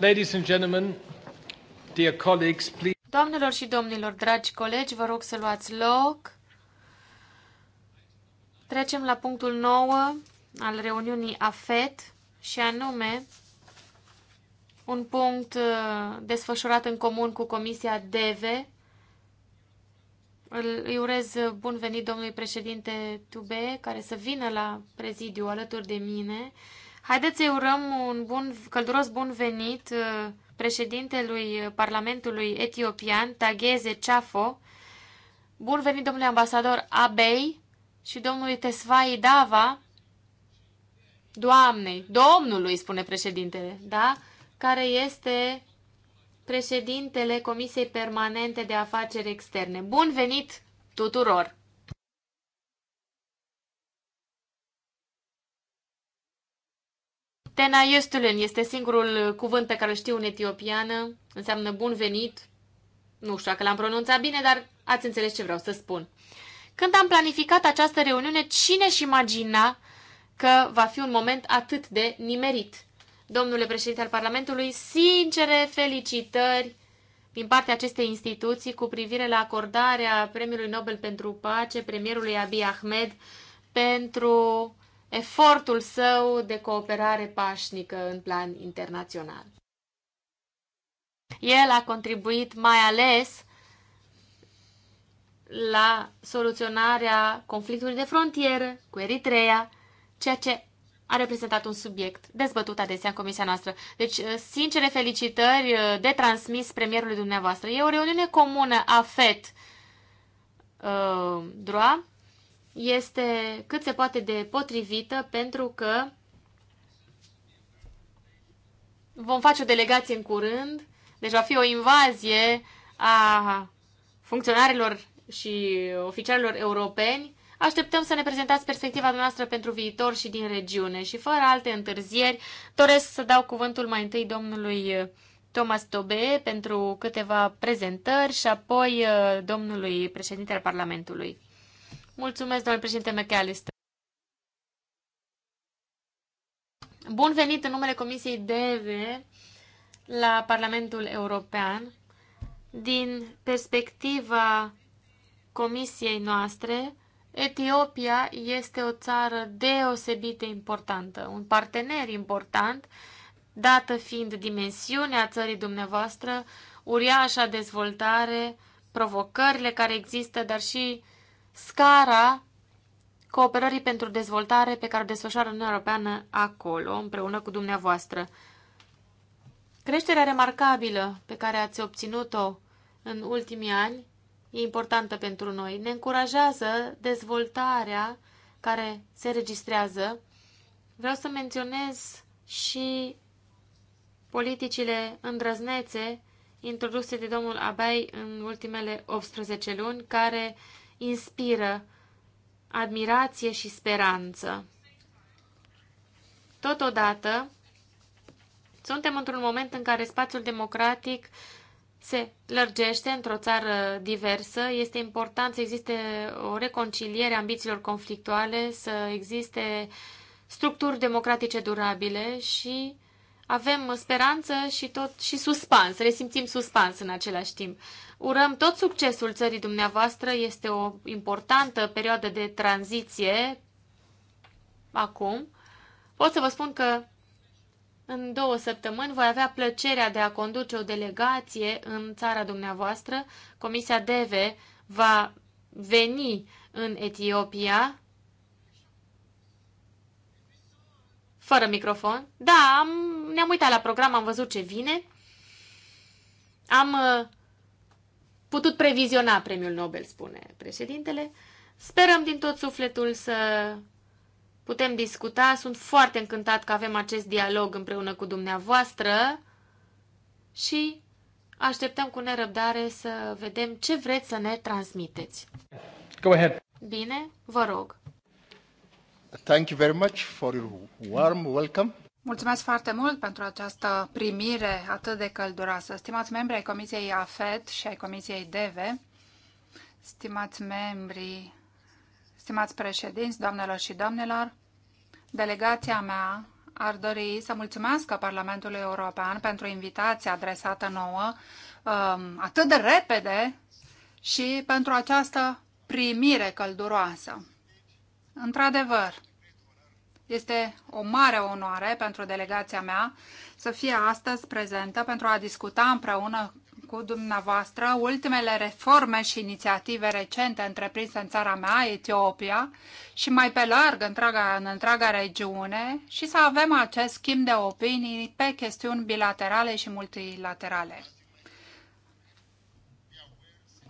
Ladies and gentlemen, dear colleagues, please... Doamnelor și domnilor, dragi colegi, vă rog să luați loc. Trecem la punctul 9 al reuniunii AFET și anume un punct uh, desfășurat în comun cu Comisia DEVE. Îi urez bun venit domnului președinte Tube, care să vină la prezidiu alături de mine Haideți să urăm un bun, călduros bun venit uh, președintelui Parlamentului Etiopian, Tageze Chafo. Bun venit, domnule ambasador Abei și domnului Tesvai Dava, doamnei, domnului, spune președintele, da? Care este președintele Comisiei Permanente de Afaceri Externe. Bun venit tuturor! Tena Yöstelen este singurul cuvânt pe care îl știu în etiopiană, înseamnă bun venit. Nu știu dacă l-am pronunțat bine, dar ați înțeles ce vreau să spun. Când am planificat această reuniune, cine-și imagina că va fi un moment atât de nimerit? Domnule președinte al Parlamentului, sincere felicitări din partea acestei instituții cu privire la acordarea Premiului Nobel pentru Pace premierului Abiy Ahmed pentru efortul său de cooperare pașnică în plan internațional. El a contribuit mai ales la soluționarea conflictului de frontieră cu Eritrea, ceea ce a reprezentat un subiect dezbătut adesea în comisia noastră. Deci, uh, sincere felicitări uh, de transmis premierului dumneavoastră. E o reuniune comună a FET uh, DROA este cât se poate de potrivită pentru că vom face o delegație în curând, deci va fi o invazie a funcționarilor și oficialilor europeni. Așteptăm să ne prezentați perspectiva noastră pentru viitor și din regiune și fără alte întârzieri doresc să dau cuvântul mai întâi domnului uh, Thomas Tobe pentru câteva prezentări și apoi uh, domnului președinte al Parlamentului. Mulțumesc, domnule președinte McAllister. Bun venit în numele Comisiei DEVE la Parlamentul European. Din perspectiva Comisiei noastre, Etiopia este o țară deosebit de importantă, un partener important, dată fiind dimensiunea țării dumneavoastră, uriașa dezvoltare, provocările care există, dar și scara cooperării pentru dezvoltare pe care o desfășoară Uniunea Europeană acolo, împreună cu dumneavoastră. Creșterea remarcabilă pe care ați obținut-o în ultimii ani e importantă pentru noi. Ne încurajează dezvoltarea care se registrează. Vreau să menționez și politicile îndrăznețe introduse de domnul Abai în ultimele 18 luni, care inspiră admirație și speranță. Totodată, suntem într-un moment în care spațiul democratic se lărgește într-o țară diversă. Este important să existe o reconciliere a ambițiilor conflictuale, să existe structuri democratice durabile și uh, avem speranță și tot și suspans, resimțim suspans în același timp. Urăm tot succesul țării dumneavoastră, este o importantă perioadă de tranziție acum. Pot să vă spun că în două săptămâni voi avea plăcerea de a conduce o delegație în țara dumneavoastră. Comisia DEVE va veni în Etiopia Fără microfon. Da, am, ne-am uitat la program, am văzut ce vine. Am uh, putut previziona premiul Nobel, spune președintele. Sperăm din tot sufletul să putem discuta. Sunt foarte încântat că avem acest dialog împreună cu dumneavoastră și așteptăm cu nerăbdare să vedem ce vreți să ne transmiteți. Go ahead. Bine, vă rog. Thank you very much for your warm welcome. Mulțumesc foarte mult pentru această primire atât de călduroasă. Stimați membri ai Comisiei AFET și ai Comisiei DEVE, stimați membri, stimați președinți, doamnelor și domnilor, delegația mea ar dori să mulțumesc Parlamentului European pentru invitația adresată nouă um, atât de repede și pentru această primire călduroasă. Într-adevăr, este o mare onoare pentru delegația mea să fie astăzi prezentă pentru a discuta împreună cu dumneavoastră ultimele reforme și inițiative recente întreprinse în țara mea, Etiopia, și mai pe larg întreaga, în întreaga regiune și să avem acest schimb de opinii pe chestiuni bilaterale și multilaterale.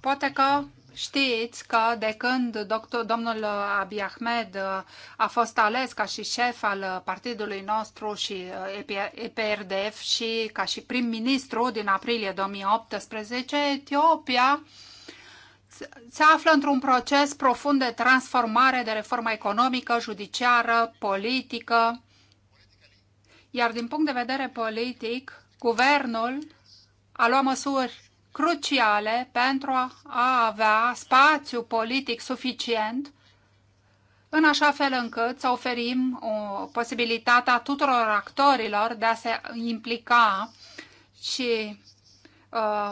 Poate că Știți că de când doctor, domnul Abiy Ahmed uh, a fost ales ca și șef al uh, partidului nostru și uh, EPRDF și ca și prim-ministru din aprilie 2018, Etiopia se află într-un proces profund de transformare, de reformă economică, judiciară, politică. Iar din punct de vedere politic, guvernul a luat măsuri cruciale pentru a avea spațiu politic suficient în așa fel încât să oferim o posibilitatea tuturor actorilor de a se implica și Uh,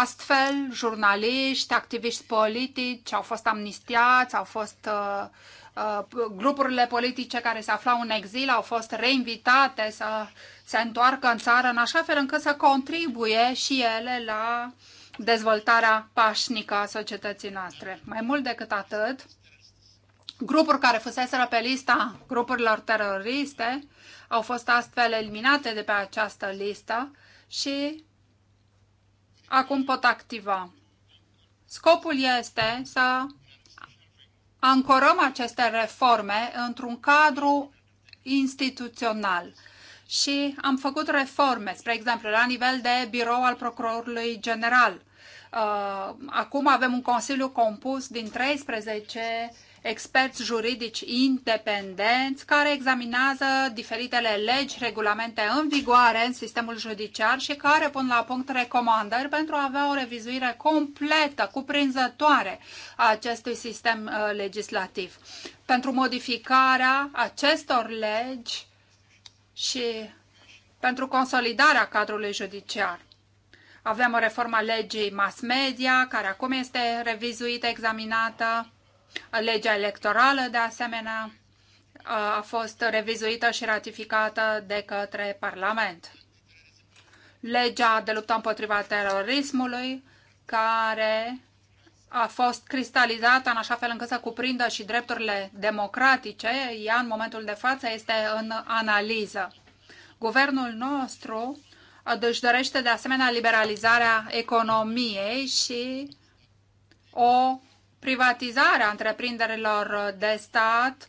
astfel, jurnaliști, activiști politici au fost amnistiați, au fost uh, uh, grupurile politice care se aflau în exil au fost reinvitate să se întoarcă în țară în așa fel încât să contribuie și ele la dezvoltarea pașnică a societății noastre. Mai mult decât atât, grupuri care fuseseră pe lista grupurilor teroriste au fost astfel eliminate de pe această listă și Acum pot activa. Scopul este să ancorăm aceste reforme într-un cadru instituțional și am făcut reforme, spre exemplu, la nivel de birou al procurorului general. Uh, acum avem un consiliu compus din 13 experți juridici independenți care examinează diferitele legi, regulamente în vigoare în sistemul judiciar și care pun la punct recomandări pentru a avea o revizuire completă, cuprinzătoare a acestui sistem uh, legislativ. Pentru modificarea acestor legi și pentru consolidarea cadrului judiciar. Avem o reformă a legii mass media, care acum este revizuită, examinată Legea electorală, de asemenea, a fost revizuită și ratificată de către Parlament. Legea de luptă împotriva terorismului, care a fost cristalizată în așa fel încât să cuprindă și drepturile democratice, ea în momentul de față este în analiză. Guvernul nostru își deci, dorește de asemenea liberalizarea economiei și o privatizarea întreprinderilor de stat,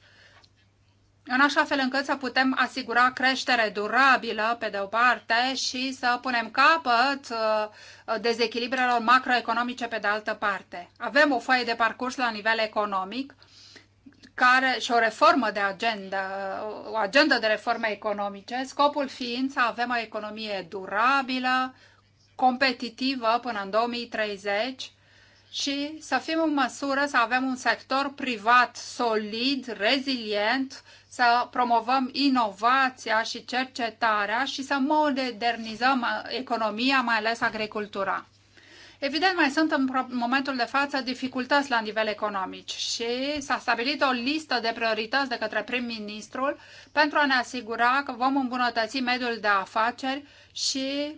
în așa fel încât să putem asigura creștere durabilă, pe de o parte, și să punem capăt uh, dezechilibrelor macroeconomice, pe de altă parte. Avem o foaie de parcurs la nivel economic care, și o reformă de agenda, o agendă de reforme economice, scopul fiind să avem o economie durabilă, competitivă până în 2030, și să fim în măsură să avem un sector privat solid, rezilient, să promovăm inovația și cercetarea și să modernizăm uh, economia, mai ales agricultura. Evident, mai sunt în momentul de față dificultăți la nivel economic și s-a stabilit o listă de priorități de către prim-ministrul pentru a ne asigura că vom îmbunătăți mediul de afaceri și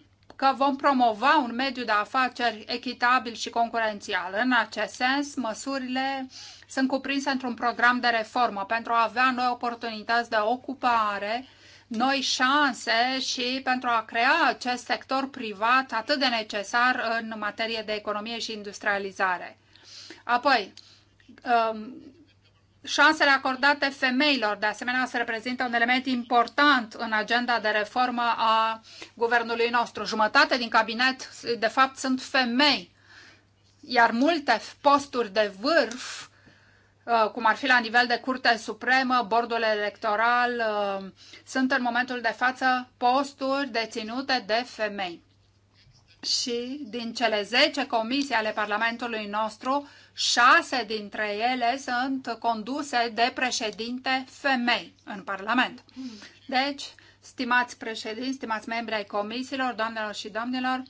că vom promova un mediu de afaceri echitabil și concurențial. În acest sens, măsurile sunt cuprinse într-un program de reformă pentru a avea noi oportunități de ocupare, noi șanse și pentru a crea acest sector privat atât de necesar în materie de economie și industrializare. Apoi, um, Șansele acordate femeilor, de asemenea, se reprezintă un element important în agenda de reformă a guvernului nostru. Jumătate din cabinet, de fapt, sunt femei, iar multe posturi de vârf, uh, cum ar fi la nivel de Curte Supremă, bordul electoral, uh, sunt în momentul de față posturi deținute de femei. Și din cele 10 comisii ale Parlamentului nostru, șase dintre ele sunt conduse de președinte femei în Parlament. Deci, stimați președinți, stimați membri ai comisiilor, doamnelor și domnilor,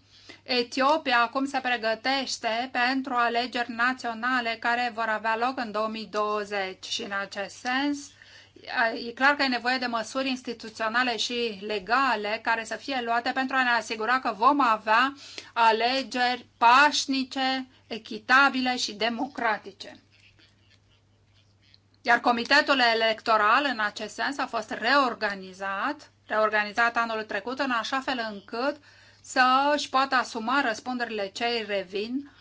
Etiopia acum se pregătește pentru alegeri naționale care vor avea loc în 2020 și în acest sens e clar că e nevoie de măsuri instituționale și legale care să fie luate pentru a ne asigura că vom avea alegeri pașnice, echitabile și democratice. Iar comitetul electoral în acest sens a fost reorganizat, reorganizat anul trecut în așa fel încât să își poată asuma răspunderile cei revin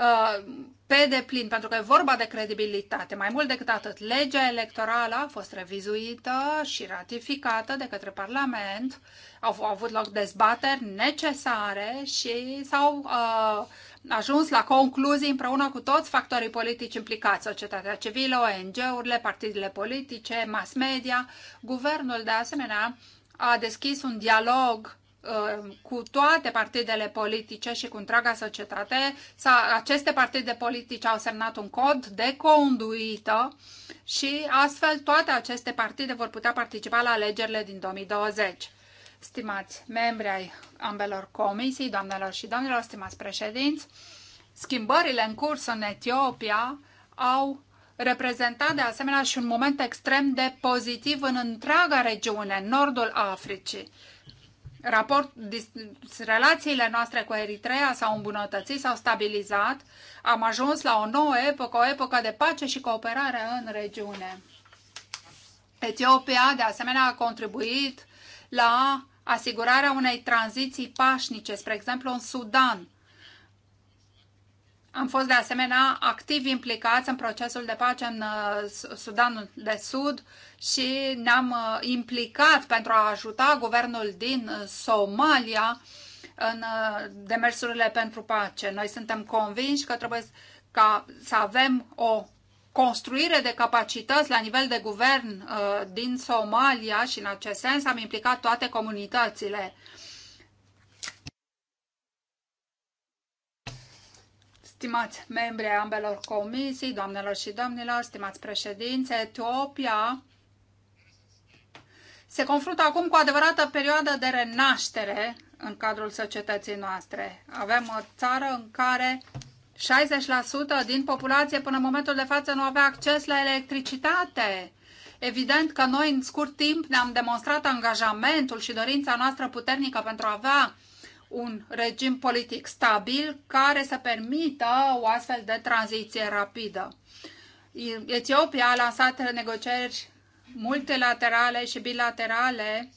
Uh, pe deplin, pentru că e vorba de credibilitate. Mai mult decât atât, legea electorală a fost revizuită și ratificată de către Parlament, au, au avut loc dezbateri necesare și s-au uh, ajuns la concluzii împreună cu toți factorii politici implicați, societatea civilă, ONG-urile, partidele politice, mass media. Guvernul, de asemenea, a deschis un dialog Uh, cu toate partidele politice și cu întreaga societate. Aceste partide politice au semnat un cod de conduită și astfel toate aceste partide vor putea participa la alegerile din 2020. Stimați membri ai ambelor comisii, doamnelor și domnilor, stimați președinți, schimbările în curs în Etiopia au reprezentat de asemenea și un moment extrem de pozitiv în întreaga regiune, nordul Africii. Raport, relațiile noastre cu Eritrea s-au îmbunătățit, s-au stabilizat, am ajuns la o nouă epocă, o epocă de pace și cooperare în regiune. Etiopia, de asemenea, a contribuit la asigurarea unei tranziții pașnice, spre exemplu în Sudan, am fost de asemenea activ implicați în procesul de pace în uh, Sudanul de Sud și ne-am uh, implicat pentru a ajuta guvernul din uh, Somalia în demersurile pentru pace. Noi suntem convinși că trebuie ca să avem o construire de capacități la nivel de guvern din Somalia și în acest sens am implicat toate comunitățile. Stimați membri ai ambelor comisii, doamnelor și domnilor, stimați președințe, Etiopia se confruntă acum cu o adevărată perioadă de renaștere în cadrul societății noastre. Avem o țară în care 60% din populație până în momentul de față nu avea acces la electricitate. Evident că noi în scurt timp ne-am demonstrat angajamentul și dorința noastră puternică pentru a avea un regim politic stabil care să permită o astfel de tranziție rapidă. Etiopia a lansat negocieri multilaterale și bilaterale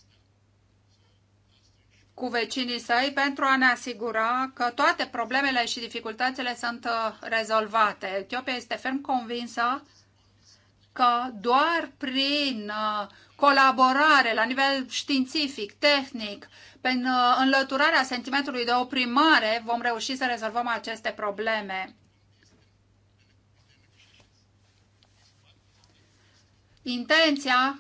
cu vecinii săi pentru a ne asigura că toate problemele și dificultățile sunt uh, rezolvate. Etiopia este ferm convinsă că doar prin uh, colaborare la nivel științific, tehnic, prin uh, înlăturarea sentimentului de oprimare vom reuși să rezolvăm aceste probleme. Intenția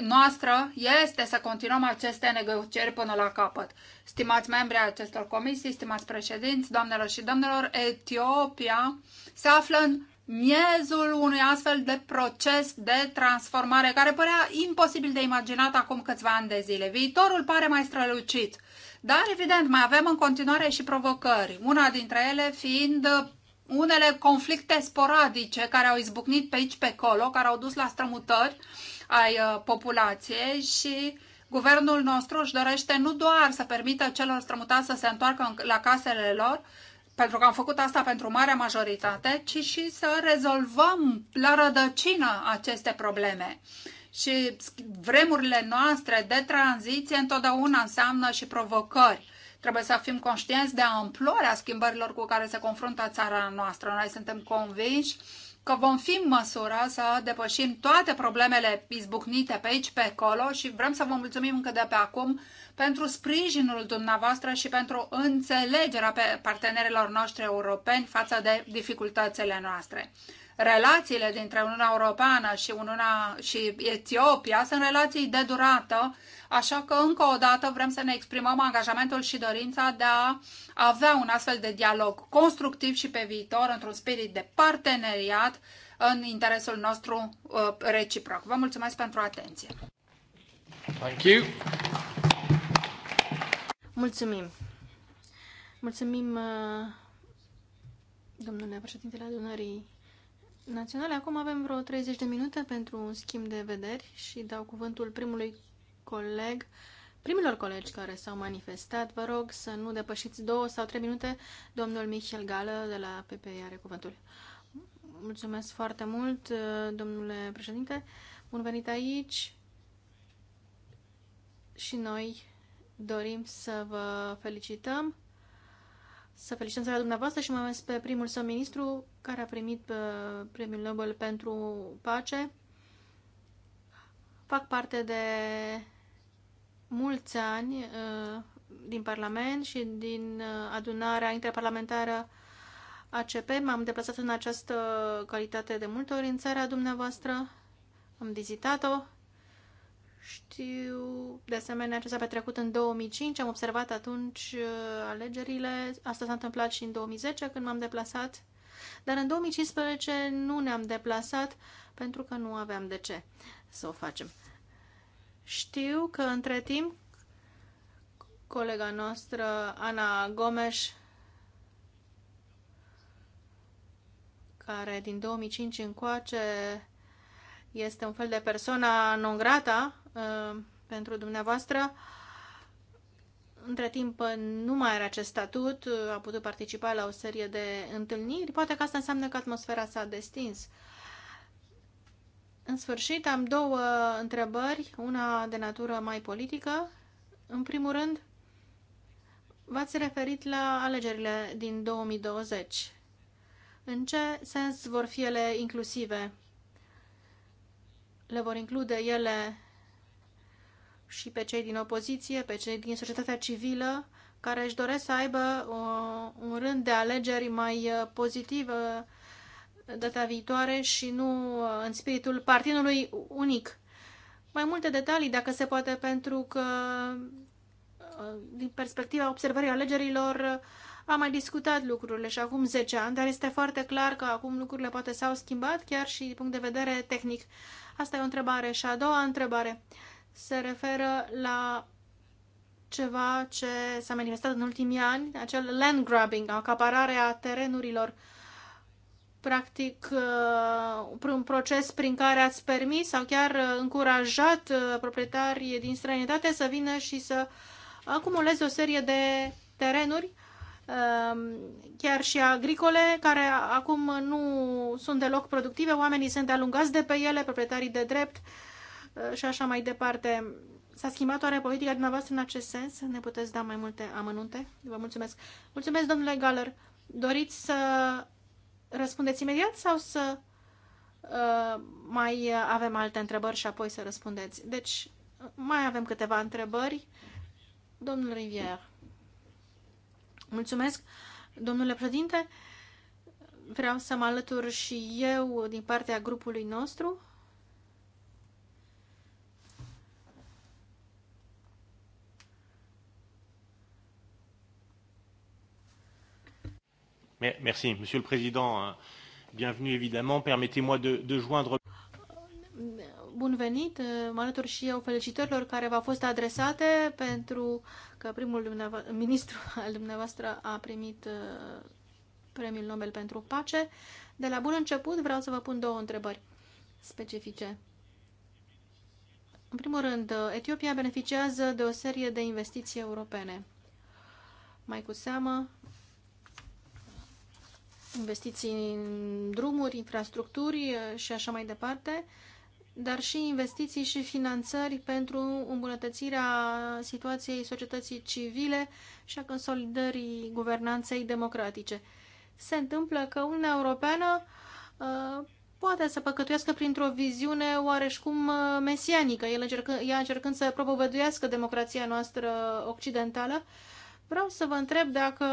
noastră este să continuăm aceste negocieri până la capăt. Stimați membri ai acestor comisii, stimați președinți, doamnelor și domnilor, Etiopia se află în miezul unui astfel de proces de transformare care părea imposibil de imaginat acum câțiva ani de zile. Viitorul pare mai strălucit, dar evident mai avem în continuare și provocări, una dintre ele fiind unele conflicte sporadice care au izbucnit pe aici, pe acolo, care au dus la strămutări ai uh, populației și guvernul nostru își dorește nu doar să permită celor strămutați să se întoarcă la casele lor, pentru că am făcut asta pentru marea majoritate, ci și să rezolvăm la rădăcină aceste probleme. Și vremurile noastre de tranziție întotdeauna înseamnă și provocări. Trebuie să fim conștienți de amploarea schimbărilor cu care se confruntă țara noastră. Noi suntem convinși că vom fi în măsură să depășim toate problemele izbucnite pe aici, pe acolo și vrem să vă mulțumim încă de pe acum pentru sprijinul dumneavoastră și pentru înțelegerea pe partenerilor noștri europeni față de dificultățile noastre. Relațiile dintre Uniunea Europeană și, Uniunea, și Etiopia sunt relații de durată, așa că încă o dată vrem să ne exprimăm angajamentul și dorința de a avea un astfel de dialog constructiv și pe viitor, într-un spirit de parteneriat, în interesul nostru uh, reciproc. Vă mulțumesc pentru atenție. Thank you. Mulțumim! Mulțumim, uh, domnule președintele adunării naționale. Acum avem vreo 30 de minute pentru un schimb de vederi și dau cuvântul primului coleg, primilor colegi care s-au manifestat. Vă rog să nu depășiți două sau trei minute. Domnul Michel Gală de la PP are cuvântul. Mulțumesc foarte mult, uh, domnule președinte. Bun venit aici. Și noi Dorim să vă felicităm, să felicităm țara dumneavoastră și mai ales pe primul său ministru care a primit uh, premiul Nobel pentru pace. Fac parte de mulți ani uh, din Parlament și din uh, adunarea interparlamentară ACP. M-am deplasat în această calitate de multe ori în țara dumneavoastră. Am vizitat-o știu, de asemenea, ce s-a petrecut în 2005, am observat atunci uh, alegerile, asta s-a întâmplat și în 2010 când m-am deplasat, dar în 2015 nu ne-am deplasat pentru că nu aveam de ce să o facem. Știu că între timp colega noastră Ana Gomes care din 2005 încoace este un fel de persoană non grata uh, pentru dumneavoastră. Între timp nu mai are acest statut, a putut participa la o serie de întâlniri. Poate că asta înseamnă că atmosfera s-a destins. În sfârșit, am două întrebări, una de natură mai politică. În primul rând, v-ați referit la alegerile din 2020. În ce sens vor fi ele inclusive? le vor include ele și pe cei din opoziție, pe cei din societatea civilă, care își doresc să aibă o, un rând de alegeri mai uh, pozitiv uh, data viitoare și nu uh, în spiritul partidului unic. Mai multe detalii, dacă se poate, pentru că din perspectiva observării alegerilor am mai discutat lucrurile și acum 10 ani, dar este foarte clar că acum lucrurile poate s-au schimbat chiar și din punct de vedere tehnic. Asta e o întrebare. Și a doua întrebare se referă la ceva ce s-a manifestat în ultimii ani, acel land grabbing, acapararea terenurilor. Practic, uh, un proces prin care ați permis sau chiar uh, încurajat uh, proprietarii din străinătate să vină și să acumuleze o serie de terenuri Ehm, chiar și agricole, care acum nu sunt deloc productive, oamenii sunt alungați de pe ele, proprietarii de drept eh, și așa mai departe. S-a schimbat oare politica dumneavoastră în acest sens? Ne puteți da mai multe amănunte? Vă mulțumesc. Mulțumesc, domnule Galler. Doriți să răspundeți imediat sau să uh, mai avem alte întrebări și apoi să răspundeți? Deci, mai avem câteva întrebări. Domnul Rivière. Mulțumesc, domnule președinte. Vreau să mă alătur și eu din partea grupului nostru. Merci, Monsieur le Président. Bienvenue, évidemment. Permettez-moi de, de joindre bun venit, uh, mă alătur și eu felicitărilor care v-au fost adresate pentru că primul ministru al dumneavoastră a primit uh, premiul Nobel pentru pace. De la bun început vreau să vă pun două întrebări specifice. În primul rând, uh, Etiopia beneficiază de o serie de investiții europene. Mai cu seamă, investiții în drumuri, infrastructuri și așa mai departe dar și investiții și finanțări pentru îmbunătățirea situației societății civile și a consolidării guvernanței democratice. Se întâmplă că Uniunea Europeană uh, poate să păcătuiască printr-o viziune oareșcum uh, mesianică, el încercă, ea încercând să propovăduiască democrația noastră occidentală, Vreau să vă întreb dacă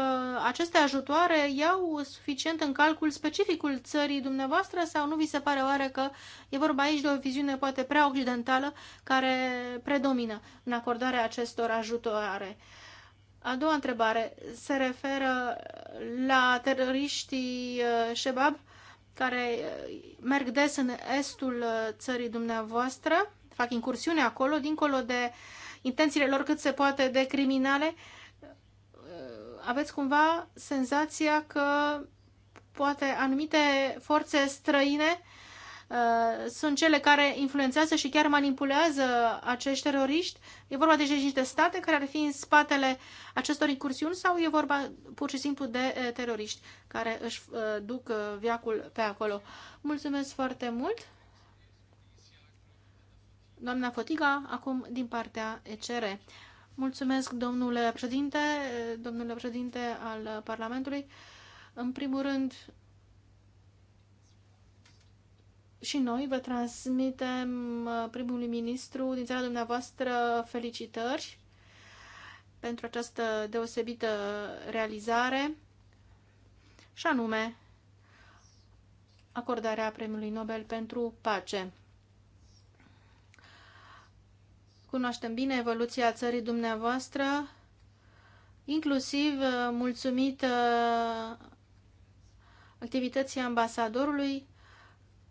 aceste ajutoare iau suficient în calcul specificul țării dumneavoastră sau nu vi se pare oare că e vorba aici de o viziune poate prea occidentală care predomină în acordarea acestor ajutoare. A doua întrebare se referă la teroriștii uh, Shebab care uh, merg des în estul uh, țării dumneavoastră, fac incursiune acolo, dincolo de intențiile lor cât se poate de criminale. Uh, aveți cumva senzația că poate anumite forțe străine uh, sunt cele care influențează și chiar manipulează acești teroriști? E vorba deci de niște state care ar fi în spatele acestor incursiuni sau e vorba pur și simplu de uh, teroriști care își uh, duc viacul pe acolo? Mulțumesc foarte mult! Doamna Fotiga, acum din partea ECR. Mulțumesc, domnule președinte, domnule președinte al Parlamentului. În primul rând, și noi vă transmitem uh, primului ministru din țara dumneavoastră felicitări pentru această deosebită realizare și anume acordarea Premiului Nobel pentru Pace. Cunoaștem bine evoluția țării dumneavoastră, inclusiv uh, mulțumită uh, activității ambasadorului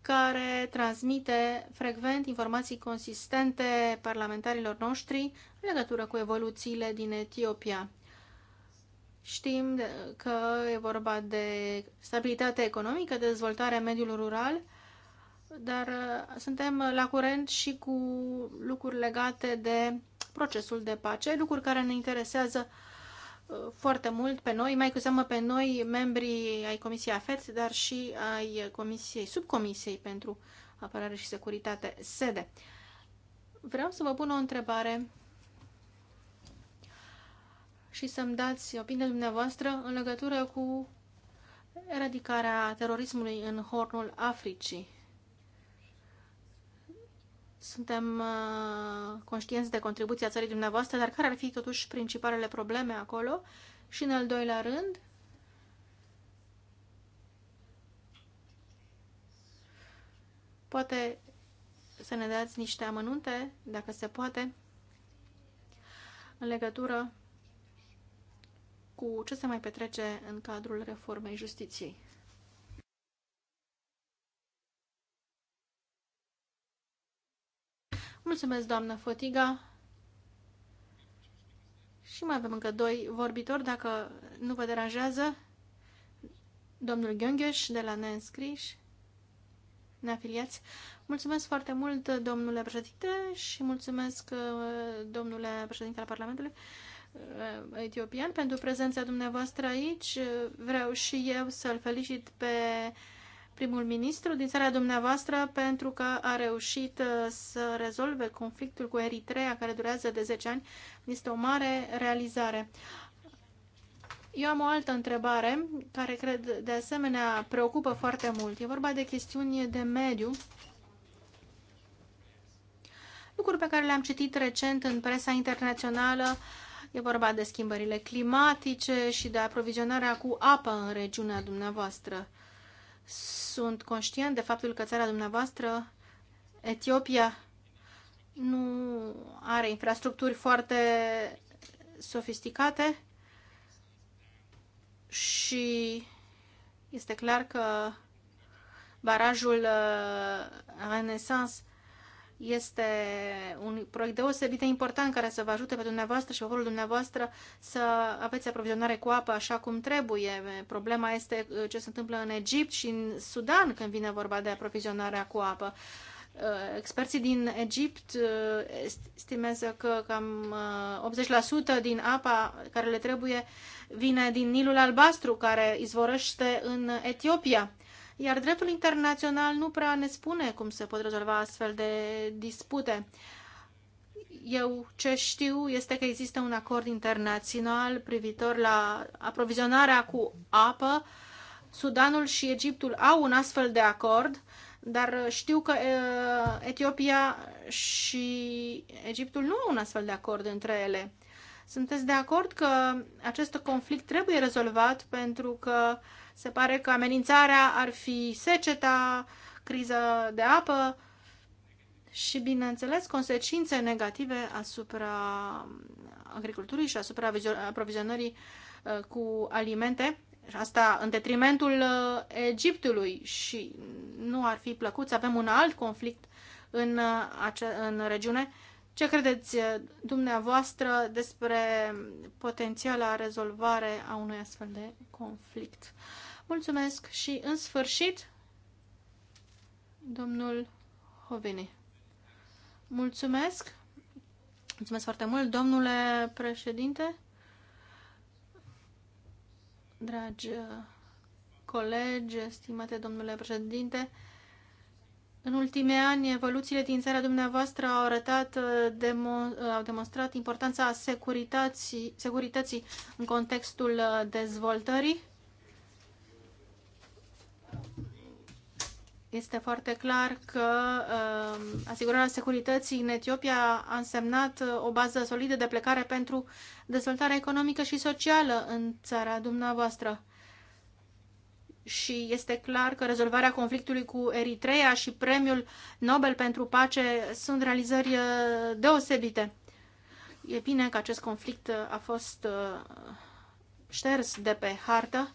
care transmite frecvent informații consistente parlamentarilor noștri în legătură cu evoluțiile din Etiopia. Știm că e vorba de stabilitate economică, de dezvoltare a mediului rural dar uh, suntem uh, la curent și cu lucruri legate de procesul de pace, lucruri care ne interesează uh, foarte mult pe noi, mai cu seamă pe noi, membrii ai Comisiei AFET, dar și ai Comisiei, Subcomisiei pentru Apărare și Securitate, SEDE. Vreau să vă pun o întrebare și să-mi dați opinia dumneavoastră în legătură cu eradicarea terorismului în Hornul Africii. Suntem uh, conștienți de contribuția țării dumneavoastră, dar care ar fi totuși principalele probleme acolo? Și în al doilea rând, poate să ne dați niște amănunte, dacă se poate, în legătură cu ce se mai petrece în cadrul reformei justiției. Mulțumesc, doamnă Fotiga. Și mai avem încă doi vorbitori, dacă nu vă deranjează. Domnul Gheongheș de la Neînscriși, neafiliați. Mulțumesc foarte mult, domnule președinte, și mulțumesc, uh, domnule președinte al Parlamentului uh, etiopian, pentru prezența dumneavoastră aici. Vreau și eu să-l felicit pe primul ministru din țara dumneavoastră pentru că a reușit uh, să rezolve conflictul cu Eritrea care durează de 10 ani. Este o mare realizare. Eu am o altă întrebare care cred de asemenea preocupă foarte mult. E vorba de chestiuni de mediu. Lucruri pe care le-am citit recent în presa internațională E vorba de schimbările climatice și de aprovizionarea cu apă în regiunea dumneavoastră. Sunt conștient de faptul că țara dumneavoastră, Etiopia, nu are infrastructuri foarte sofisticate și este clar că barajul uh, Renaissance este un proiect deosebit de important care să vă ajute pe dumneavoastră și poporul dumneavoastră să aveți aprovizionare cu apă așa cum trebuie. Problema este uh, ce se întâmplă în Egipt și în Sudan când vine vorba de aprovizionarea cu apă. Uh, experții din Egipt uh, estimează că cam 80% din apa care le trebuie vine din Nilul Albastru, care izvorăște în Etiopia iar dreptul internațional nu prea ne spune cum se pot rezolva astfel de dispute. Eu ce știu este că există un acord internațional privitor la aprovizionarea cu apă. Sudanul și Egiptul au un astfel de acord, dar știu că Etiopia și Egiptul nu au un astfel de acord între ele. Sunteți de acord că acest conflict trebuie rezolvat pentru că uh, se pare că amenințarea ar fi seceta, criză de apă și, bineînțeles, consecințe negative asupra agriculturii și asupra aprovizionării uh, cu alimente. Asta în detrimentul uh, Egiptului și nu ar fi plăcut să avem un alt conflict în, uh, ace- în regiune ce credeți eh, dumneavoastră despre potențiala rezolvare a unui astfel de conflict? Mulțumesc și în sfârșit, domnul Hovini. Mulțumesc! Mulțumesc foarte mult, domnule președinte, dragi eh, colegi, stimate domnule președinte, în ultimii ani, evoluțiile din țara dumneavoastră au arătat, uh, demo, uh, au demonstrat importanța securității, securității în contextul uh, dezvoltării. Este foarte clar că uh, asigurarea securității în Etiopia a însemnat o bază solidă de plecare pentru dezvoltarea economică și socială în țara dumneavoastră și este clar că rezolvarea conflictului cu Eritrea și premiul Nobel pentru pace sunt realizări uh, deosebite. E bine că acest conflict uh, a fost uh, șters de pe hartă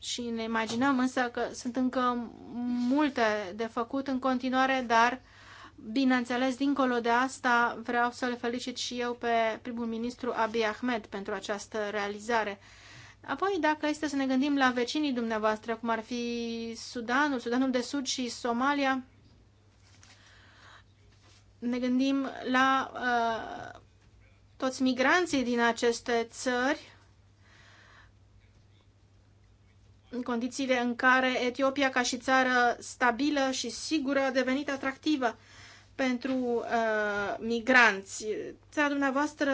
și ne imaginăm însă că sunt încă multe de făcut în continuare, dar bineînțeles, dincolo de asta, vreau să le felicit și eu pe primul ministru Abiy Ahmed pentru această realizare. Apoi, dacă este să ne gândim la vecinii dumneavoastră, cum ar fi Sudanul, Sudanul de Sud și Somalia, ne gândim la uh, toți migranții din aceste țări, în condițiile în care Etiopia, ca și țară stabilă și sigură, a devenit atractivă pentru uh, migranți. Țara dumneavoastră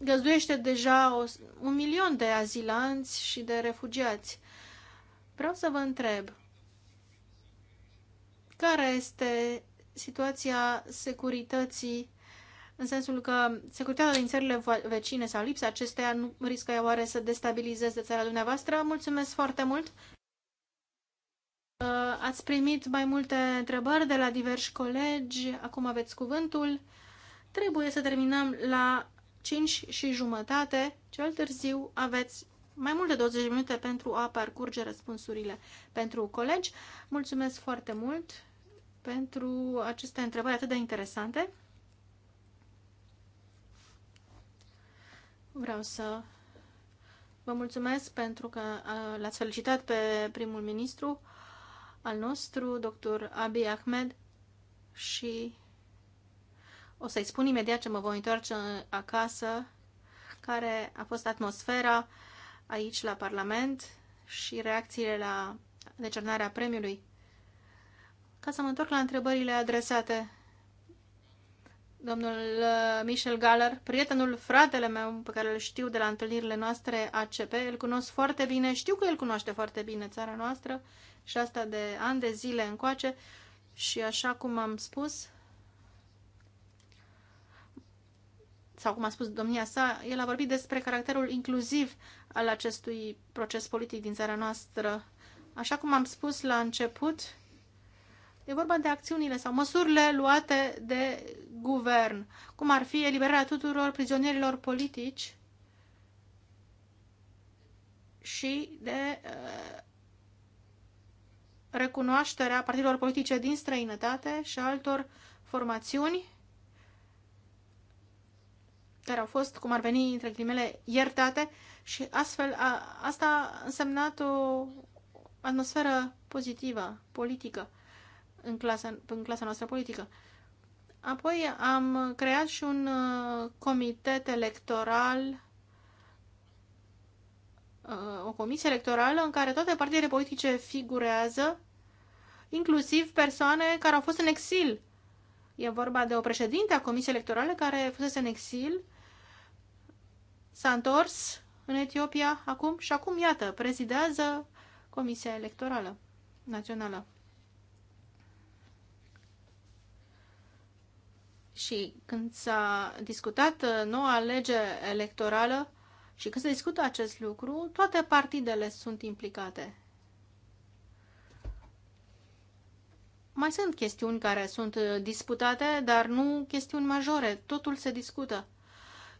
găzduiește deja o, un milion de azilanți și de refugiați. Vreau să vă întreb, care este situația securității în sensul că securitatea din țările vecine sau lipsa acesteia nu riscă oare să destabilizeze țara dumneavoastră? Mulțumesc foarte mult! Uh, ați primit mai multe întrebări de la diversi colegi, acum aveți cuvântul. Trebuie să terminăm la 5 și jumătate, cel târziu aveți mai mult de 20 minute pentru a parcurge răspunsurile pentru colegi. Mulțumesc foarte mult pentru aceste întrebări atât de interesante. Vreau să vă mulțumesc pentru că uh, l-ați felicitat pe primul ministru al nostru, doctor Abi Ahmed, și o să-i spun imediat ce mă voi întoarce acasă, care a fost atmosfera aici la Parlament și reacțiile la decernarea premiului. Ca să mă întorc la întrebările adresate, domnul uh, Michel Galler, prietenul, fratele meu, pe care îl știu de la întâlnirile noastre ACP, îl cunosc foarte bine, știu că el cunoaște foarte bine țara noastră și asta de ani de zile încoace și așa cum am spus, sau cum a spus domnia sa, el a vorbit despre caracterul inclusiv al acestui proces politic din țara noastră. Așa cum am spus la început, e vorba de acțiunile sau măsurile luate de guvern, cum ar fi eliberarea tuturor prizonierilor politici și de uh, recunoașterea partidelor politice din străinătate și altor formațiuni care au fost, cum ar veni, între climele iertate și astfel a, asta a însemnat o atmosferă pozitivă, politică, în clasa, în clasa noastră politică. Apoi am creat și un uh, comitet electoral Uh, o comisie electorală în care toate partidele politice figurează, inclusiv persoane care au fost în exil. E vorba de o președinte a comisiei electorale care fusese în exil, s-a întors în Etiopia acum și acum, iată, prezidează Comisia Electorală Națională. Și când s-a discutat uh, noua lege electorală, și când se discută acest lucru, toate partidele sunt implicate. Mai sunt chestiuni care sunt uh, disputate, dar nu chestiuni majore. Totul se discută.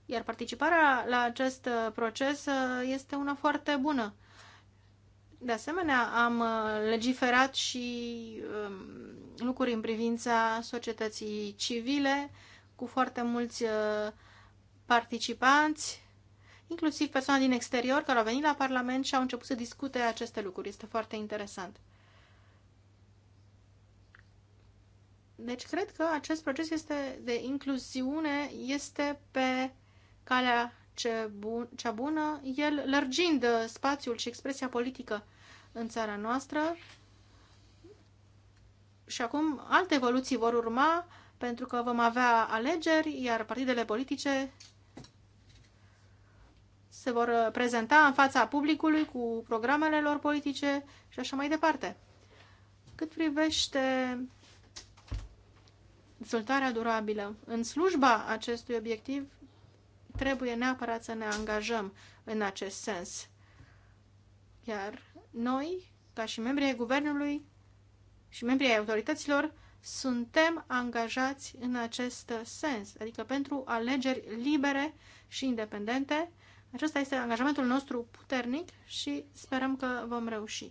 Iar participarea la acest uh, proces uh, este una foarte bună. De asemenea, am legiferat și um, lucruri în privința societății civile cu foarte mulți participanți inclusiv persoane din exterior care au venit la Parlament și au început să discute aceste lucruri. Este foarte interesant. Deci cred că acest proces este de incluziune este pe calea ce bun, cea bună, el lărgind spațiul și expresia politică în țara noastră. Și acum alte evoluții vor urma pentru că vom avea alegeri, iar partidele politice se vor uh, prezenta în fața publicului cu programele lor politice și așa mai departe. Cât privește dezvoltarea durabilă, în slujba acestui obiectiv trebuie neapărat să ne angajăm în acest sens. Iar noi, ca și membrii guvernului și membrii autorităților, suntem angajați în acest sens, adică pentru alegeri libere și independente, acesta este angajamentul nostru puternic și sperăm că vom reuși.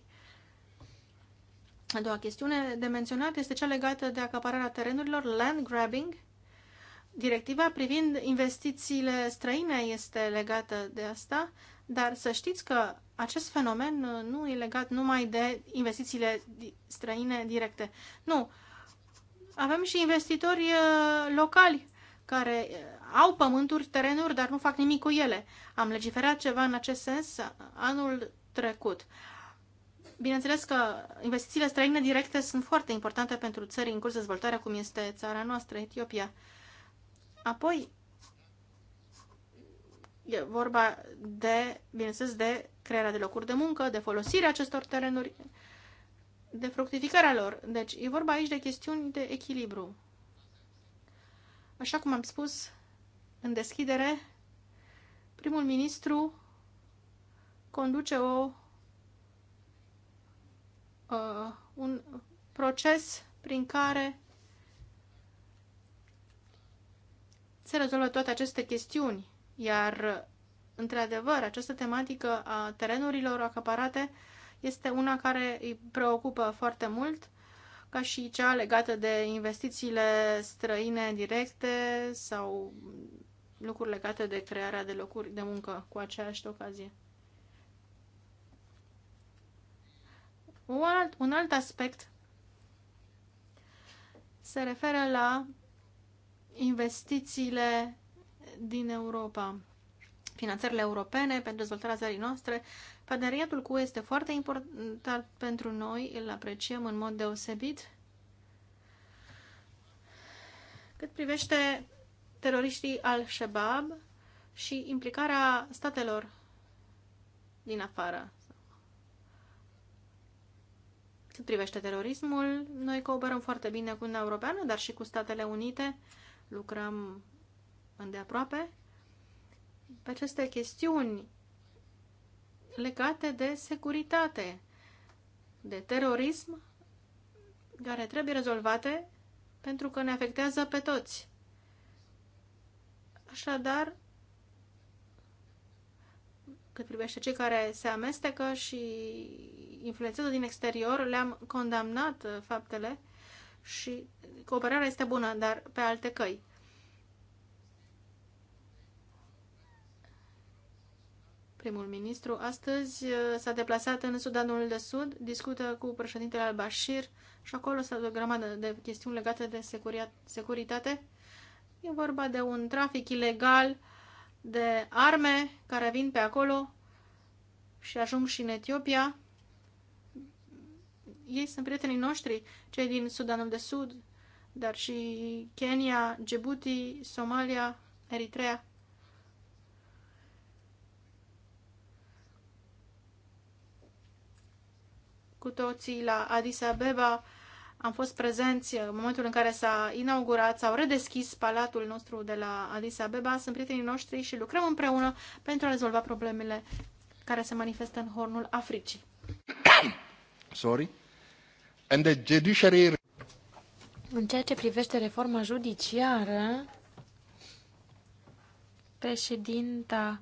A doua chestiune de menționat este cea legată de acapararea terenurilor, land grabbing. Directiva privind investițiile străine este legată de asta, dar să știți că acest fenomen nu e legat numai de investițiile străine directe. Nu. Avem și investitori uh, locali care au pământuri, terenuri, dar nu fac nimic cu ele. Am legiferat ceva în acest sens anul trecut. Bineînțeles că investițiile străine directe sunt foarte importante pentru țări în curs de dezvoltare, cum este țara noastră, Etiopia. Apoi, e vorba de, bineînțeles, de crearea de locuri de muncă, de folosirea acestor terenuri, de fructificarea lor. Deci, e vorba aici de chestiuni de echilibru. Așa cum am spus, în deschidere, primul ministru conduce o, uh, un proces prin care se rezolvă toate aceste chestiuni, iar într-adevăr, această tematică a terenurilor acaparate este una care îi preocupă foarte mult ca și cea legată de investițiile străine directe sau lucruri legate de crearea de locuri de muncă cu aceeași ocazie. Un alt, un alt aspect se referă la investițiile din Europa, finanțările europene pentru dezvoltarea țării noastre Parteneriatul cu este foarte important pentru noi, îl apreciem în mod deosebit. Cât privește teroriștii al-Shabaab și implicarea statelor din afară. Cât privește terorismul, noi cooperăm foarte bine cu Uniunea Europeană, dar și cu Statele Unite. Lucrăm îndeaproape pe aceste chestiuni legate de securitate, de terorism, care trebuie rezolvate pentru că ne afectează pe toți. Așadar, cât privește cei care se amestecă și influențează din exterior, le-am condamnat uh, faptele și cooperarea este bună, dar pe alte căi. primul ministru, astăzi uh, s-a deplasat în Sudanul de Sud, discută cu președintele al-Bashir și acolo s-a o grămadă de chestiuni legate de securitate. E vorba de un trafic ilegal de arme care vin pe acolo și ajung și în Etiopia. Ei sunt prietenii noștri, cei din Sudanul de Sud, dar și Kenya, Djibouti, Somalia, Eritrea. cu toții la Addis Abeba. Am fost prezenți în momentul în care s-a inaugurat s-au redeschis palatul nostru de la Addis Abeba. Sunt prietenii noștri și lucrăm împreună pentru a rezolva problemele care se manifestă în Hornul Africii. Sorry. And the judiciary... În ceea ce privește reforma judiciară, președinta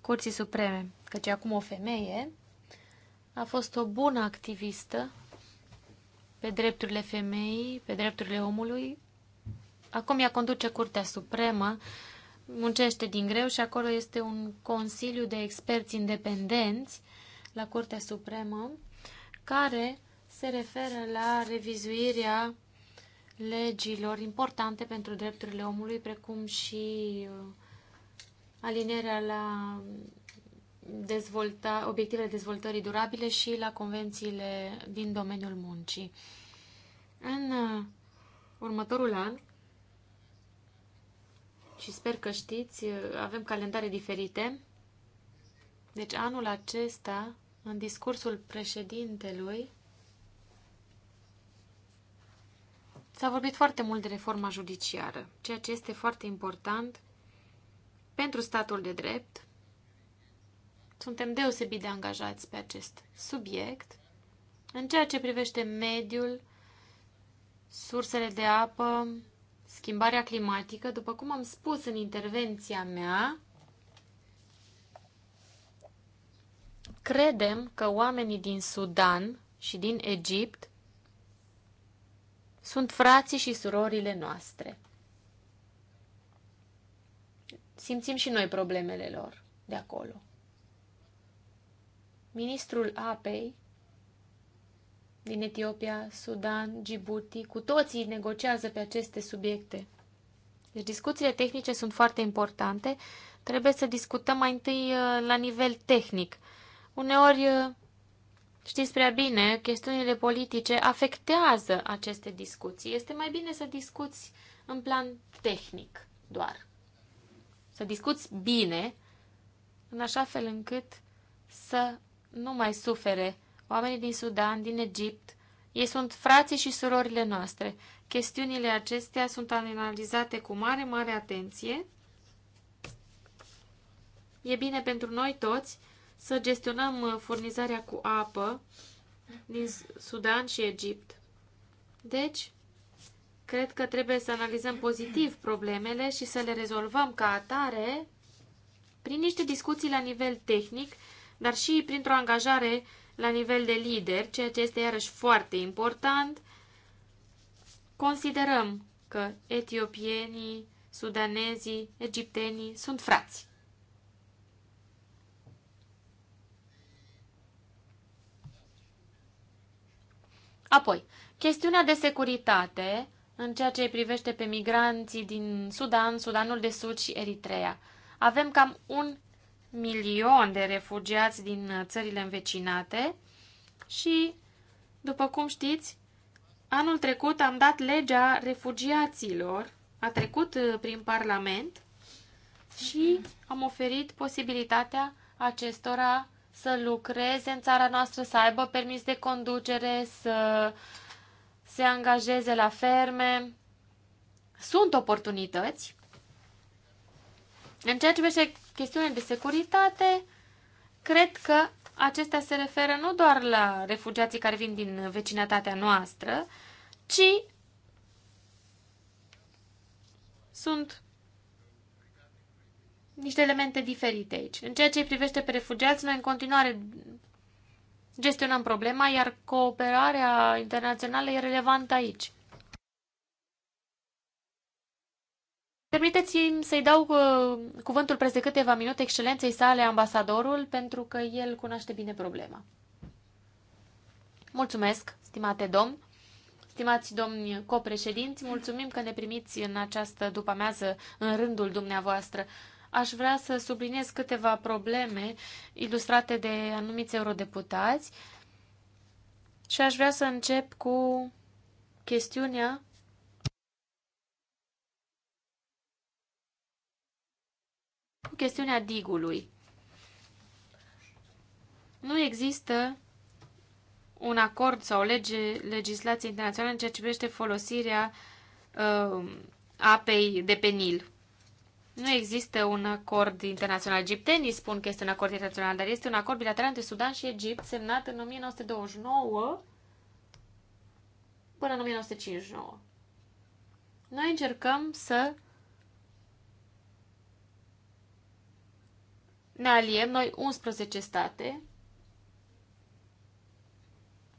Curții Supreme, căci acum o femeie, a fost o bună activistă pe drepturile femeii, pe drepturile omului. Acum ea conduce Curtea Supremă, muncește din greu și acolo este un consiliu de experți independenți la Curtea Supremă care se referă la revizuirea legilor importante pentru drepturile omului, precum și uh, alinerea la dezvolta, obiectivele dezvoltării durabile și la convențiile din domeniul muncii. În uh, următorul an, și sper că știți, uh, avem calendare diferite. Deci anul acesta, în discursul președintelui, s-a vorbit foarte mult de reforma judiciară, ceea ce este foarte important pentru statul de drept, suntem deosebit de angajați pe acest subiect. În ceea ce privește mediul, sursele de apă, schimbarea climatică, după cum am spus în intervenția mea, credem că oamenii din Sudan și din Egipt sunt frații și surorile noastre. Simțim și noi problemele lor de acolo ministrul apei din Etiopia, Sudan, Djibouti, cu toții negociază pe aceste subiecte. Deci discuțiile tehnice sunt foarte importante. Trebuie să discutăm mai întâi uh, la nivel tehnic. Uneori, uh, știți prea bine, chestiunile politice afectează aceste discuții. Este mai bine să discuți în plan tehnic doar. Să discuți bine, în așa fel încât să nu mai sufere oamenii din Sudan, din Egipt. Ei sunt frații și surorile noastre. Chestiunile acestea sunt analizate cu mare, mare atenție. E bine pentru noi toți să gestionăm uh, furnizarea cu apă din Sudan și Egipt. Deci, cred că trebuie să analizăm pozitiv problemele și să le rezolvăm ca atare prin niște discuții la nivel tehnic dar și printr-o angajare la nivel de lider, ceea ce este iarăși foarte important. Considerăm că etiopienii, sudanezii, egiptenii sunt frați. Apoi, chestiunea de securitate în ceea ce îi privește pe migranții din Sudan, Sudanul de Sud și Eritrea. Avem cam un milion de refugiați din țările învecinate și, după cum știți, anul trecut am dat legea refugiaților, a trecut uh, prin Parlament și am oferit posibilitatea acestora să lucreze în țara noastră, să aibă permis de conducere, să se angajeze la ferme. Sunt oportunități. În ceea ce privește chestiune de securitate, cred că acestea se referă nu doar la refugiații care vin din vecinătatea noastră, ci sunt niște elemente diferite aici. În ceea ce îi privește pe refugiați, noi în continuare gestionăm problema, iar cooperarea internațională e relevantă aici. Permiteți-mi să-i dau uh, cuvântul peste câteva minute excelenței sale ambasadorul, pentru că el cunoaște bine problema. Mulțumesc, stimate domn, stimați domni copreședinți, mulțumim că ne primiți în această după în rândul dumneavoastră. Aș vrea să subliniez câteva probleme ilustrate de anumiți eurodeputați și aș vrea să încep cu chestiunea cu chestiunea digului. Nu există un acord sau o lege, legislație internațională în ceea ce privește folosirea uh, apei de pe Nil. Nu există un acord internațional. Egiptenii spun că este un acord internațional, dar este un acord bilateral între Sudan și Egipt, semnat în 1929 până în 1959. Noi încercăm să ne aliem noi 11 state,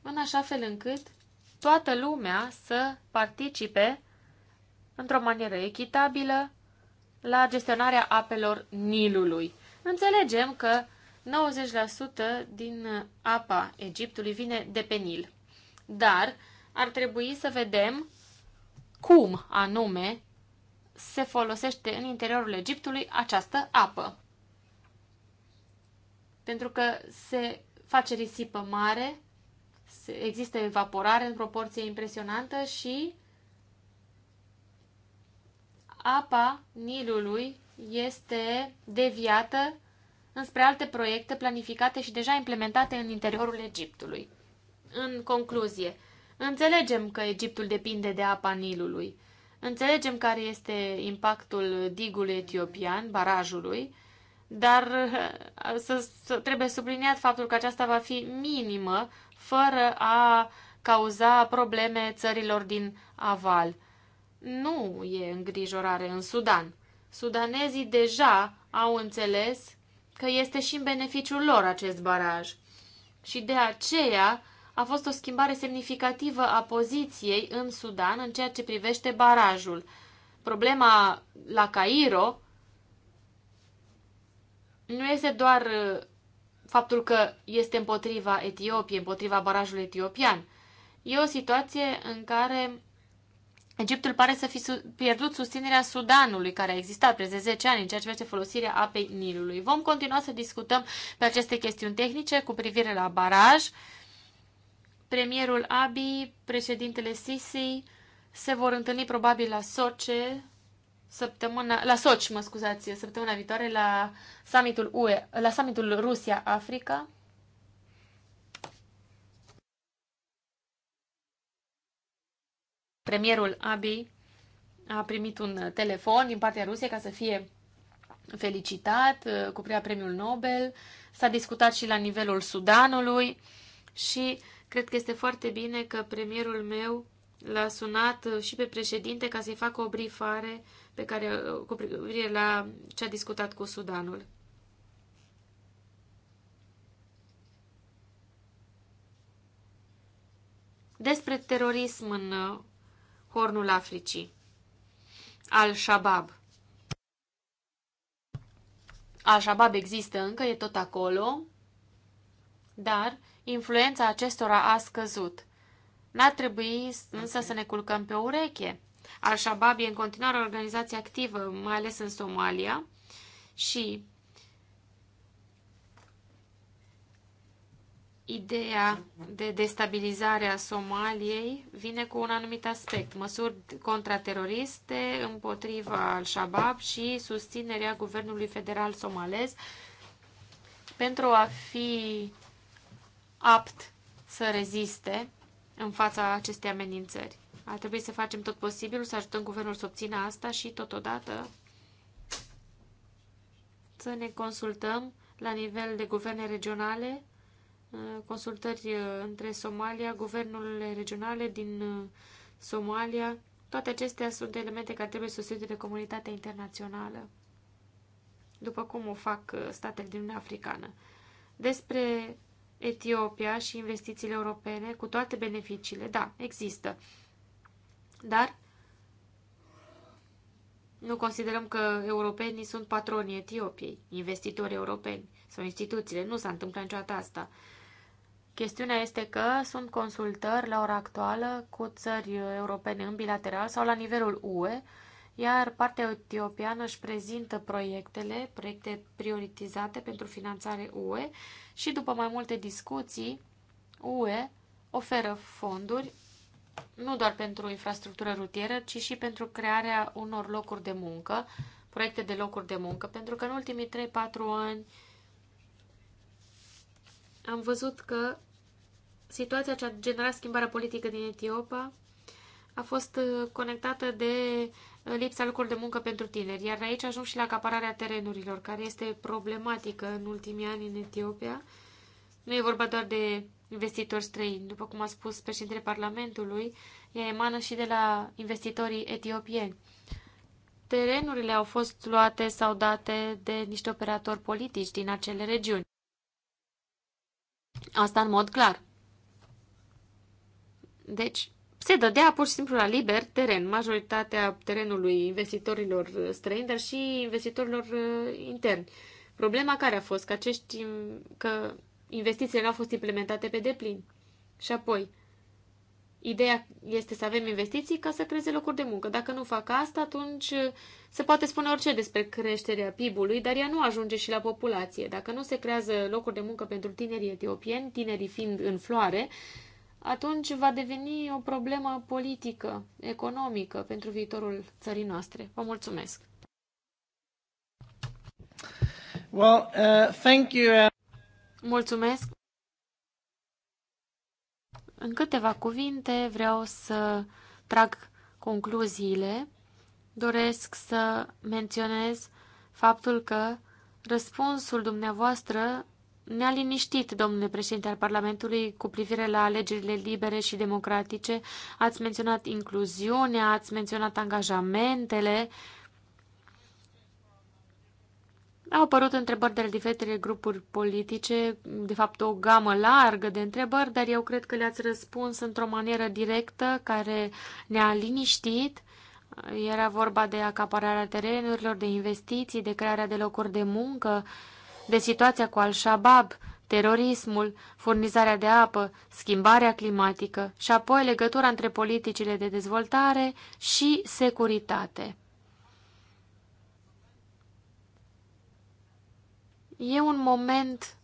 în așa fel încât toată lumea să participe într-o manieră echitabilă la gestionarea apelor Nilului. Înțelegem că 90% din apa Egiptului vine de pe Nil. Dar ar trebui să vedem cum anume se folosește în interiorul Egiptului această apă pentru că se face risipă mare, există evaporare în proporție impresionantă și apa Nilului este deviată înspre alte proiecte planificate și deja implementate în interiorul Egiptului. În concluzie, înțelegem că Egiptul depinde de apa Nilului. Înțelegem care este impactul digului etiopian, barajului, dar uh, să, să, trebuie subliniat faptul că aceasta va fi minimă, fără a cauza probleme țărilor din aval. Nu e îngrijorare în Sudan. Sudanezii deja au înțeles că este și în beneficiul lor acest baraj. Și de aceea a fost o schimbare semnificativă a poziției în Sudan în ceea ce privește barajul. Problema la Cairo nu este doar uh, faptul că este împotriva Etiopiei, împotriva barajului etiopian. E o situație în care Egiptul pare să fi pierdut susținerea Sudanului, care a existat peste 10 ani în ceea ce privește folosirea apei Nilului. Vom continua să discutăm pe aceste chestiuni tehnice cu privire la baraj. Premierul Abi, președintele Sisi se vor întâlni probabil la Soce săptămâna, la Sochi, mă scuzați, săptămâna viitoare la summitul UE, la summitul Rusia-Africa. Premierul Abi a primit un telefon din partea Rusiei ca să fie felicitat uh, cu prea premiul Nobel. S-a discutat și la nivelul Sudanului și cred că este foarte bine că premierul meu l-a sunat uh, și pe președinte ca să-i facă o brifare uh, pe care, cu privire la ce a discutat cu Sudanul. Despre terorism în uh, Hornul Africii, al Shabab. Al Shabab există încă, e tot acolo, dar influența acestora a scăzut. N-ar trebui însă să ne culcăm pe ureche. Al-Shabaab e în continuare o organizație activă, mai ales în Somalia și ideea de destabilizare a Somaliei vine cu un anumit aspect, măsuri contrateroriste împotriva al-Shabaab și susținerea guvernului federal somalez pentru a fi apt să reziste în fața acestei amenințări. A trebuit să facem tot posibilul, să ajutăm guvernul să obțină asta și totodată să ne consultăm la nivel de guverne regionale, uh, consultări uh, între Somalia, guvernurile regionale din uh, Somalia. Toate acestea sunt elemente care trebuie susținute de comunitatea internațională, după cum o fac statele din Uniunea Africană. Despre Etiopia și investițiile europene, cu toate beneficiile, da, există. Dar nu considerăm că europenii sunt patronii Etiopiei, investitori europeni sau instituțiile. Nu s-a întâmplat niciodată asta. Chestiunea este că sunt consultări la ora actuală cu țări europene în bilateral sau la nivelul UE, iar partea etiopiană își prezintă proiectele, proiecte prioritizate pentru finanțare UE și după mai multe discuții, UE oferă fonduri nu doar pentru infrastructură rutieră, ci și pentru crearea unor locuri de muncă, proiecte de locuri de muncă, pentru că în ultimii 3-4 ani am văzut că situația ce a generat schimbarea politică din Etiopa a fost uh, conectată de uh, lipsa locurilor de muncă pentru tineri, iar aici ajung și la acapararea terenurilor, care este problematică în ultimii ani în Etiopia. Nu e vorba doar de investitori străini. După cum a spus președintele Parlamentului, ea emană și de la investitorii etiopieni. Terenurile au fost luate sau date de niște operatori politici din acele regiuni. Asta în mod clar. Deci, se dădea pur și simplu la liber teren, majoritatea terenului investitorilor străini, dar și investitorilor uh, interni. Problema care a fost că acești, că investițiile nu au fost implementate pe deplin. Și apoi, ideea este să avem investiții ca să creeze locuri de muncă. Dacă nu fac asta, atunci uh, se poate spune orice despre creșterea PIB-ului, dar ea nu ajunge și la populație. Dacă nu se creează locuri de muncă pentru tinerii etiopieni, tinerii fiind în floare, atunci va deveni o problemă politică, economică pentru viitorul țării noastre. Vă mulțumesc! Well, uh, thank you. Uh, Mulțumesc! În câteva cuvinte vreau să trag concluziile. Doresc să menționez faptul că răspunsul dumneavoastră ne-a liniștit, domnule președinte al Parlamentului, cu privire la alegerile libere și democratice. Ați menționat incluziunea, ați menționat angajamentele, au apărut întrebări de la diferitele grupuri politice, de fapt o gamă largă de întrebări, dar eu cred că le-ați răspuns într-o manieră directă care ne-a liniștit. Era vorba de acapararea terenurilor, de investiții, de crearea de locuri de muncă, de situația cu Al-Shabaab, terorismul, furnizarea de apă, schimbarea climatică și apoi legătura între politicile de dezvoltare și securitate. E un moment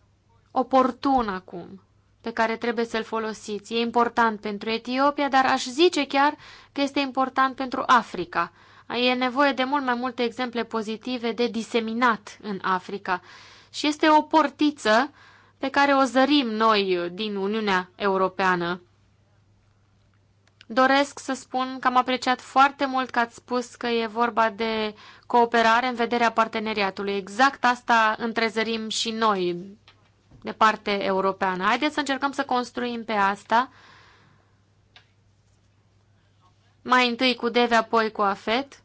oportun acum pe care trebuie să-l folosiți. E important pentru Etiopia, dar aș zice chiar că este important pentru Africa. E nevoie de mult mai multe exemple pozitive de diseminat în Africa. Și este o portiță pe care o zărim noi din Uniunea Europeană. Doresc să spun că am apreciat foarte mult că ați spus că e vorba de cooperare în vederea parteneriatului. Exact asta întrezărim și noi de parte europeană. Haideți să încercăm să construim pe asta. Mai întâi cu Deve, apoi cu Afet,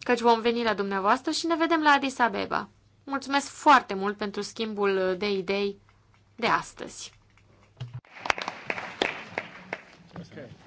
căci vom veni la dumneavoastră și ne vedem la Addis Abeba. Mulțumesc foarte mult pentru schimbul de idei de astăzi. Okay.